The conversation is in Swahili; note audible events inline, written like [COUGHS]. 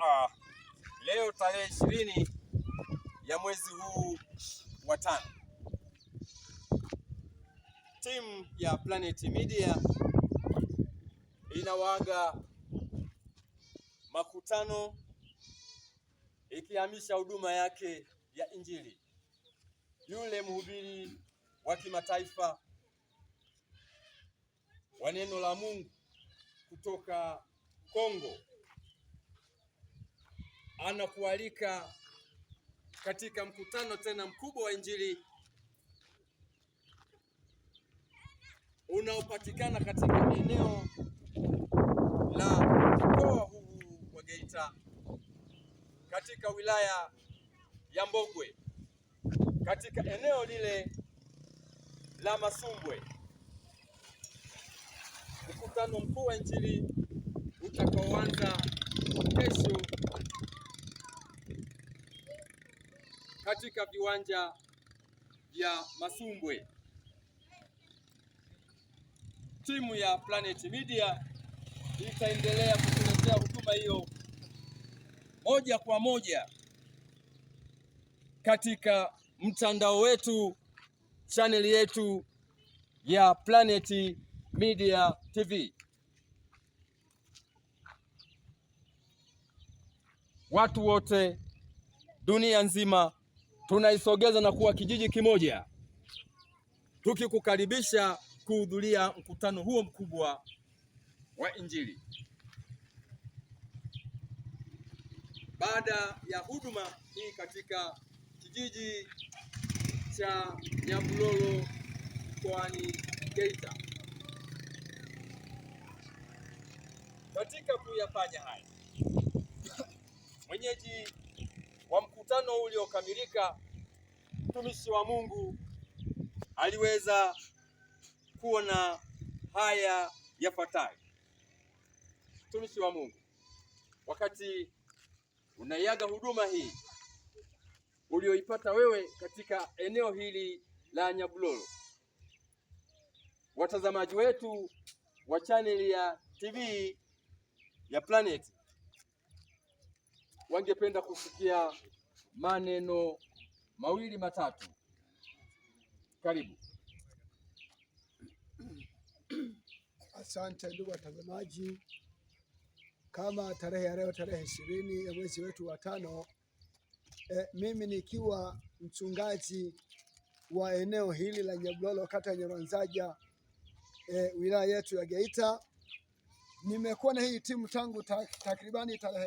Uh, leo tarehe ishirini ya mwezi huu wa tano, timu ya Planet Media inawaaga makutano ikihamisha huduma yake ya Injili. Yule mhubiri wa kimataifa wa neno la Mungu kutoka Kongo anakualika katika mkutano tena mkubwa wa Injili unaopatikana katika eneo la mkoa huu wa Geita katika wilaya ya Mbogwe katika eneo lile la Masumbwe, mkutano mkuu wa Injili utakaoanza kesho katika viwanja vya Masumbwe. Timu ya Planet Media itaendelea kukuletea huduma hiyo moja kwa moja katika mtandao wetu, chaneli yetu ya Planet Media TV. Watu wote dunia nzima tunaisogeza na kuwa kijiji kimoja, tukikukaribisha kuhudhuria mkutano huo mkubwa wa Injili. Baada ya huduma hii katika kijiji cha Nyamulolo mkoani Geita, katika kuyafanya haya [COUGHS] mwenyeji wa mkutano uliokamilika, mtumishi wa Mungu aliweza kuona haya yafuatayo. Mtumishi wa Mungu, wakati unaiaga huduma hii ulioipata wewe katika eneo hili la Nyabulolo, watazamaji wetu wa chaneli ya TV ya planeti wangependa kusikia maneno mawili matatu. Karibu. Asante ndugu watazamaji, kama tarehe ya leo tarehe ishirini ya mwezi wetu wa tano, e, mimi nikiwa mchungaji wa eneo hili la Nyablolo kata ya Nyaruanzaja e, eh, wilaya yetu ya Geita nimekuwa na hii timu tangu takribani tarehe